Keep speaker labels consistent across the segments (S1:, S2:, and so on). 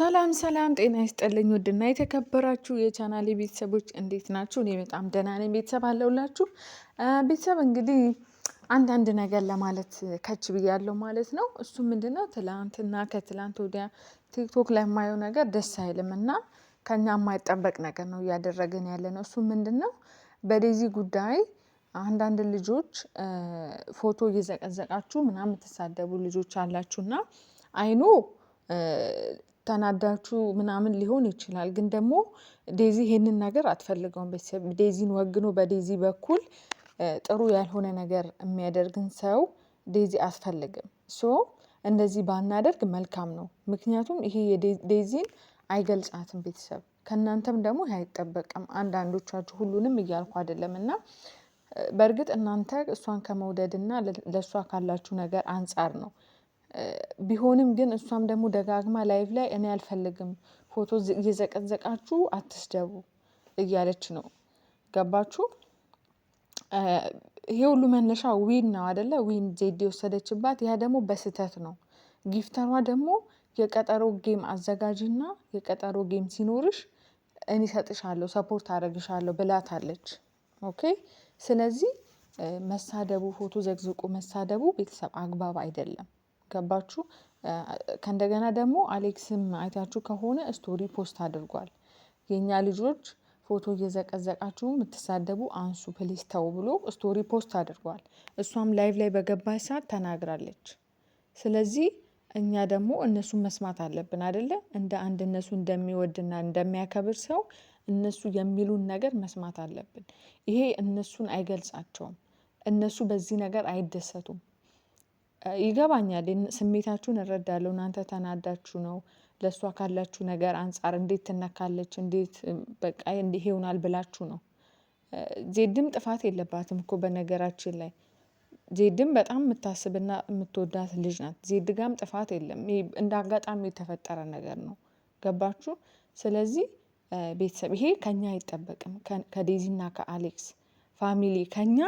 S1: ሰላም ሰላም፣ ጤና ይስጠልኝ። ውድና የተከበራችሁ የቻናሌ ቤተሰቦች እንዴት ናችሁ? እኔ በጣም ደህና ነኝ። ቤተሰብ አለውላችሁ። ቤተሰብ እንግዲህ አንዳንድ ነገር ለማለት ከች ብያለሁ ማለት ነው። እሱ ምንድነው ትላንትና ከትላንት ወዲያ ቲክቶክ ላይ የማየው ነገር ደስ አይልም እና ከኛ የማይጠበቅ ነገር ነው እያደረግን ያለ ነው። እሱ ምንድነው በዴዚ ጉዳይ አንዳንድ ልጆች ፎቶ እየዘቀዘቃችሁ ምናምን የምትሳደቡ ልጆች አላችሁና አይኑ ተናዳችሁ ምናምን ሊሆን ይችላል። ግን ደግሞ ዴዚ ይሄንን ነገር አትፈልገውም። ቤተሰብ ዴዚን ወግኖ በዴዚ በኩል ጥሩ ያልሆነ ነገር የሚያደርግን ሰው ዴዚ አትፈልግም። ሶ እንደዚህ ባናደርግ መልካም ነው። ምክንያቱም ይሄ ዴዚን አይገልጻትም። ቤተሰብ ከእናንተም ደግሞ ይህ አይጠበቅም። አንዳንዶቻችሁ ሁሉንም እያልኩ አይደለም እና በእርግጥ እናንተ እሷን ከመውደድና ለእሷ ካላችሁ ነገር አንጻር ነው ቢሆንም ግን እሷም ደግሞ ደጋግማ ላይቭ ላይ እኔ አልፈልግም ፎቶ እየዘቀዘቃችሁ አትስደቡ እያለች ነው። ገባችሁ? ይሄ ሁሉ መነሻ ዊን ነው አደለ? ዊን ዜድ የወሰደችባት ያ ደግሞ በስህተት ነው። ጊፍተሯ ደግሞ የቀጠሮ ጌም አዘጋጅና የቀጠሮ ጌም ሲኖርሽ እኔ እሰጥሻለሁ፣ ሰፖርት አደረግሻለሁ ብላታለች። ኦኬ። ስለዚህ መሳደቡ ፎቶ ዘግዝቁ መሳደቡ ቤተሰብ አግባብ አይደለም። ገባችሁ? ከእንደገና ደግሞ አሌክስም አይታችሁ ከሆነ ስቶሪ ፖስት አድርጓል። የኛ ልጆች ፎቶ እየዘቀዘቃችሁ የምትሳደቡ አንሱ ፕሊስ ተው ብሎ ስቶሪ ፖስት አድርጓል። እሷም ላይቭ ላይ በገባች ሰዓት ተናግራለች። ስለዚህ እኛ ደግሞ እነሱን መስማት አለብን አይደለ እንደ አንድ እነሱ እንደሚወድና እንደሚያከብር ሰው እነሱ የሚሉን ነገር መስማት አለብን። ይሄ እነሱን አይገልጻቸውም። እነሱ በዚህ ነገር አይደሰቱም ይገባኛል ስሜታችሁን እረዳለሁ እናንተ ተናዳችሁ ነው ለእሷ ካላችሁ ነገር አንፃር እንዴት ትነካለች እንዴት በቃ እንዲህ ይሆናል ብላችሁ ነው። ዜድም ጥፋት የለባትም እኮ በነገራችን ላይ ዜድም በጣም የምታስብና የምትወዳት ልጅ ናት ዜድ ጥፋት የለም እንደ አጋጣሚ የተፈጠረ ነገር ነው። ገባችሁ ስለዚህ ቤተሰብ ይሄ ከኛ አይጠበቅም ከዴዚና ከአሌክስ ፋሚሊ ከኛ።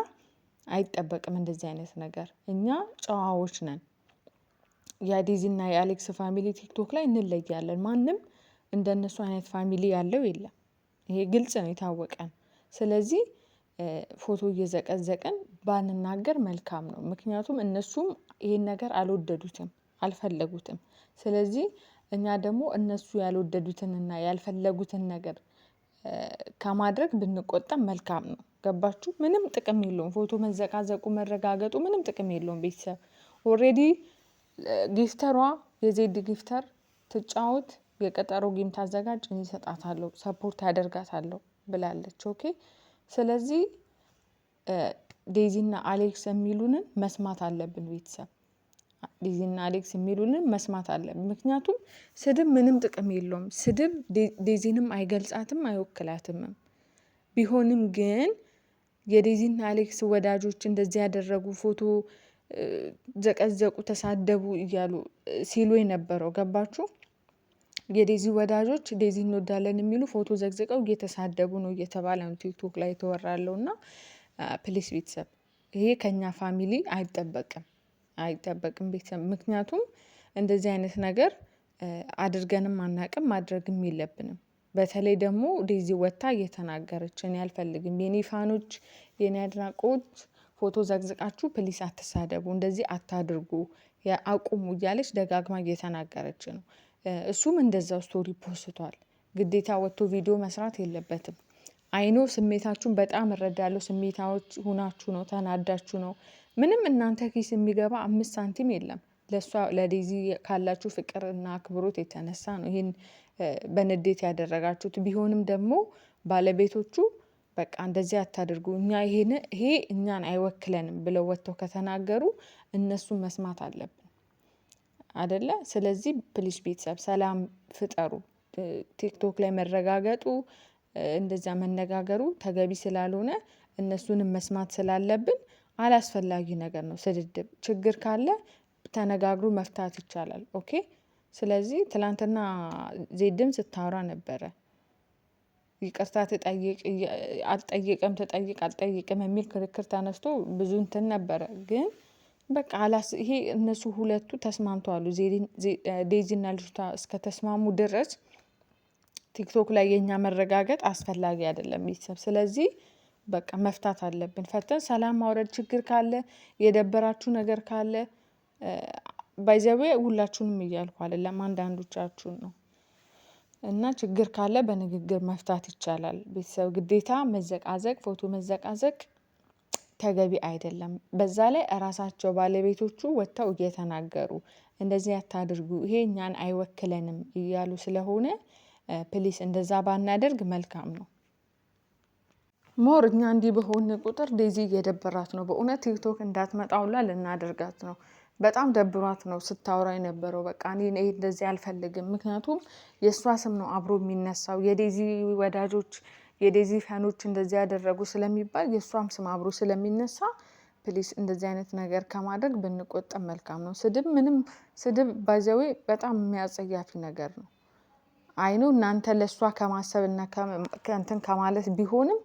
S1: አይጠበቅም እንደዚህ አይነት ነገር። እኛ ጨዋዎች ነን። የዴዚና የአሌክስ ፋሚሊ ቲክቶክ ላይ እንለያለን። ማንም እንደነሱ አይነት ፋሚሊ ያለው የለም። ይሄ ግልጽ ነው፣ የታወቀ ነው። ስለዚህ ፎቶ እየዘቀዘቅን ባንናገር መልካም ነው። ምክንያቱም እነሱም ይሄን ነገር አልወደዱትም፣ አልፈለጉትም። ስለዚህ እኛ ደግሞ እነሱ ያልወደዱትንና ያልፈለጉትን ነገር ከማድረግ ብንቆጠብ መልካም ነው። ገባችሁ ምንም ጥቅም የለውም ፎቶ መዘቃዘቁ መረጋገጡ ምንም ጥቅም የለውም። ቤተሰብ ኦሬዲ ጊፍተሯ የዜድ ጊፍተር ትጫወት የቀጠሮ ጌም ታዘጋጅ እኔ እሰጣታለሁ ሰፖርት አደርጋታለሁ ብላለች። ኦኬ ስለዚህ ዴዚና አሌክስ የሚሉንን መስማት አለብን ቤተሰብ ዴዚና አሌክስ የሚሉልን መስማት አለ። ምክንያቱም ስድብ ምንም ጥቅም የለውም። ስድብ ዴዚንም አይገልጻትም አይወክላትምም። ቢሆንም ግን የዴዚና አሌክስ ወዳጆች እንደዚህ ያደረጉ ፎቶ ዘቀዘቁ፣ ተሳደቡ እያሉ ሲሉ የነበረው ገባችሁ? የዴዚ ወዳጆች ዴዚ እንወዳለን የሚሉ ፎቶ ዘግዝቀው እየተሳደቡ ነው እየተባለ ነው ቲክቶክ ላይ የተወራለው እና ፕሊስ ቤተሰብ ይሄ ከኛ ፋሚሊ አይጠበቅም። አይጠበቅም ቤተሰብ ምክንያቱም እንደዚህ አይነት ነገር አድርገንም አናቅም ማድረግም የለብንም። በተለይ ደግሞ ዴዚ ወታ እየተናገረች እኔ አልፈልግም የኔ ፋኖች የኔ አድናቆች ፎቶ ዘግዝቃችሁ ፕሊስ አትሳደቡ እንደዚህ አታድርጉ አቁሙ እያለች ደጋግማ እየተናገረች ነው። እሱም እንደዛው ስቶሪ ፖስቷል ግዴታ ወጥቶ ቪዲዮ መስራት የለበትም። አይኖ ስሜታችሁን በጣም እረዳለሁ ስሜታዎች ሁናችሁ ነው ተናዳችሁ ነው ምንም እናንተ ኪስ የሚገባ አምስት ሳንቲም የለም። ለእሷ ለዴዚ ካላችሁ ፍቅርና አክብሮት የተነሳ ነው ይህን በንዴት ያደረጋችሁት። ቢሆንም ደግሞ ባለቤቶቹ በቃ እንደዚህ አታድርጉ፣ እኛ ይሄን ይሄ እኛን አይወክለንም ብለው ወጥተው ከተናገሩ እነሱ መስማት አለብን አደለ? ስለዚህ ፕሊስ ቤተሰብ ሰላም ፍጠሩ። ቲክቶክ ላይ መረጋገጡ እንደዚያ መነጋገሩ ተገቢ ስላልሆነ እነሱንም መስማት ስላለብን አላስፈላጊ ነገር ነው። ስድድብ ችግር ካለ ተነጋግሮ መፍታት ይቻላል። ኦኬ ስለዚህ ትላንትና ዜድም ስታወራ ነበረ ይቅርታ ትጠይቅ አልጠይቅም ትጠይቅ አልጠይቅም የሚል ክርክር ተነስቶ ብዙ እንትን ነበረ። ግን በቃ አላስ ይሄ እነሱ ሁለቱ ተስማምተዋሉ። ዴዚና ልጅቷ እስከተስማሙ ድረስ ቲክቶክ ላይ የኛ መረጋገጥ አስፈላጊ አይደለም ቤተሰብ ስለዚህ በቃ መፍታት አለብን። ፈተን ሰላም ማውረድ ችግር ካለ የደበራችሁ ነገር ካለ ባይ ሁላችሁንም እያልኩ አይደለም አንዳንዶቻችሁን ነው። እና ችግር ካለ በንግግር መፍታት ይቻላል። ቤተሰብ ግዴታ መዘቃዘቅ ፎቶ መዘቃዘቅ ተገቢ አይደለም። በዛ ላይ ራሳቸው ባለቤቶቹ ወጥተው እየተናገሩ እንደዚህ ያታድርጉ ይሄ እኛን አይወክለንም እያሉ ስለሆነ ፕሊስ እንደዛ ባናደርግ መልካም ነው ሞር እኛ እንዲህ በሆን ቁጥር ዴዚ እየደበራት ነው በእውነት ቲክቶክ እንዳትመጣ ልናደርጋት ነው። በጣም ደብሯት ነው ስታወራ የነበረው። በቃ እኔ እንደዚህ አልፈልግም። ምክንያቱም የእሷ ስም ነው አብሮ የሚነሳው የዴዚ ወዳጆች የዴዚ ፋኖች እንደዚህ ያደረጉ ስለሚባል የእሷም ስም አብሮ ስለሚነሳ ፕሊስ እንደዚህ አይነት ነገር ከማድረግ ብንቆጠብ መልካም ነው። ስድብ ምንም ስድብ ባይዘዌ በጣም የሚያጸያፊ ነገር ነው። አይኑ እናንተ ለእሷ ከማሰብ እና እንትን ከማለት ቢሆንም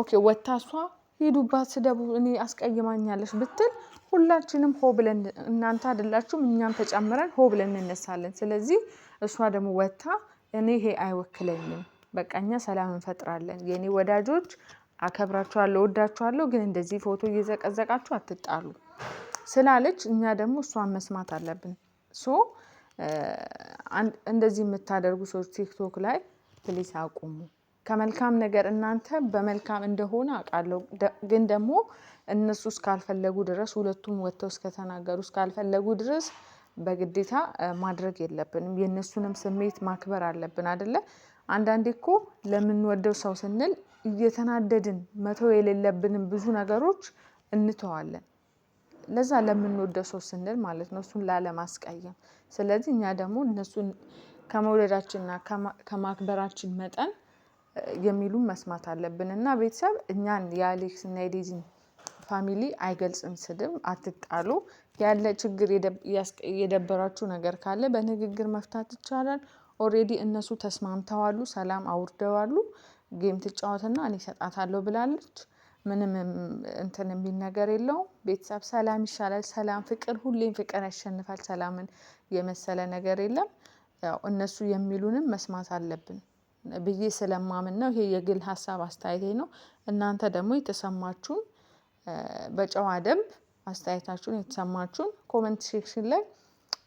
S1: ኦኬ ወታ እሷ ሂዱባት ስደቡ እኔ አስቀይማኛለች ብትል ሁላችንም ሆ ብለን እናንተ አይደላችሁም እኛም ተጨምረን ሆ ብለን እንነሳለን። ስለዚህ እሷ ደግሞ ወታ እኔ ይሄ አይወክለኝም፣ በቃ እኛ ሰላም እንፈጥራለን። የእኔ ወዳጆች አከብራችኋለሁ፣ ወዳችኋለሁ፣ ግን እንደዚህ ፎቶ እየዘቀዘቃችሁ አትጣሉ ስላለች እኛ ደግሞ እሷን መስማት አለብን። ሶ እንደዚህ የምታደርጉ ሰዎች ቲክቶክ ላይ ፕሊስ አቁሙ። ከመልካም ነገር እናንተ በመልካም እንደሆነ አውቃለሁ፣ ግን ደግሞ እነሱ እስካልፈለጉ ድረስ ሁለቱም ወጥተው እስከተናገሩ እስካልፈለጉ ድረስ በግዴታ ማድረግ የለብንም። የእነሱንም ስሜት ማክበር አለብን አደለ? አንዳንዴ እኮ ለምንወደው ሰው ስንል እየተናደድን መተው የሌለብንም ብዙ ነገሮች እንተዋለን። ለዛ ለምንወደው ሰው ስንል ማለት ነው፣ እሱን ላለማስቀየም። ስለዚህ እኛ ደግሞ እነሱን ከመውደዳችንና ከማክበራችን መጠን የሚሉም መስማት አለብን እና ቤተሰብ እኛን የአሌክስ እና የዴዚን ፋሚሊ አይገልጽም። ስድብ አትጣሉ። ያለ ችግር የደበራችሁ ነገር ካለ በንግግር መፍታት ይቻላል። ኦሬዲ እነሱ ተስማምተዋሉ፣ ሰላም አውርደዋሉ። ጌም ትጫወትና እኔ ሰጣታለሁ ብላለች። ምንም እንትን የሚል ነገር የለውም። ቤተሰብ ሰላም ይሻላል። ሰላም ፍቅር፣ ሁሌም ፍቅር ያሸንፋል። ሰላምን የመሰለ ነገር የለም። ያው እነሱ የሚሉንም መስማት አለብን። ብዬ ስለማምን ነው። ይሄ የግል ሀሳብ አስተያየቴ ነው። እናንተ ደግሞ የተሰማችሁን በጨዋ ደንብ አስተያየታችሁን የተሰማችሁን ኮመንት ሴክሽን ላይ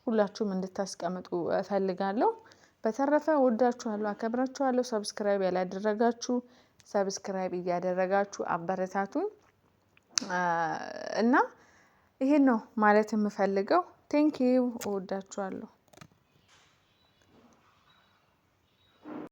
S1: ሁላችሁም እንድታስቀምጡ እፈልጋለሁ። በተረፈ ወዳችኋለሁ፣ አከብራችኋለሁ። ሰብስክራይብ ያላደረጋችሁ ሰብስክራይብ እያደረጋችሁ አበረታቱን እና ይሄን ነው ማለት የምፈልገው። ዩ እወዳችኋለሁ።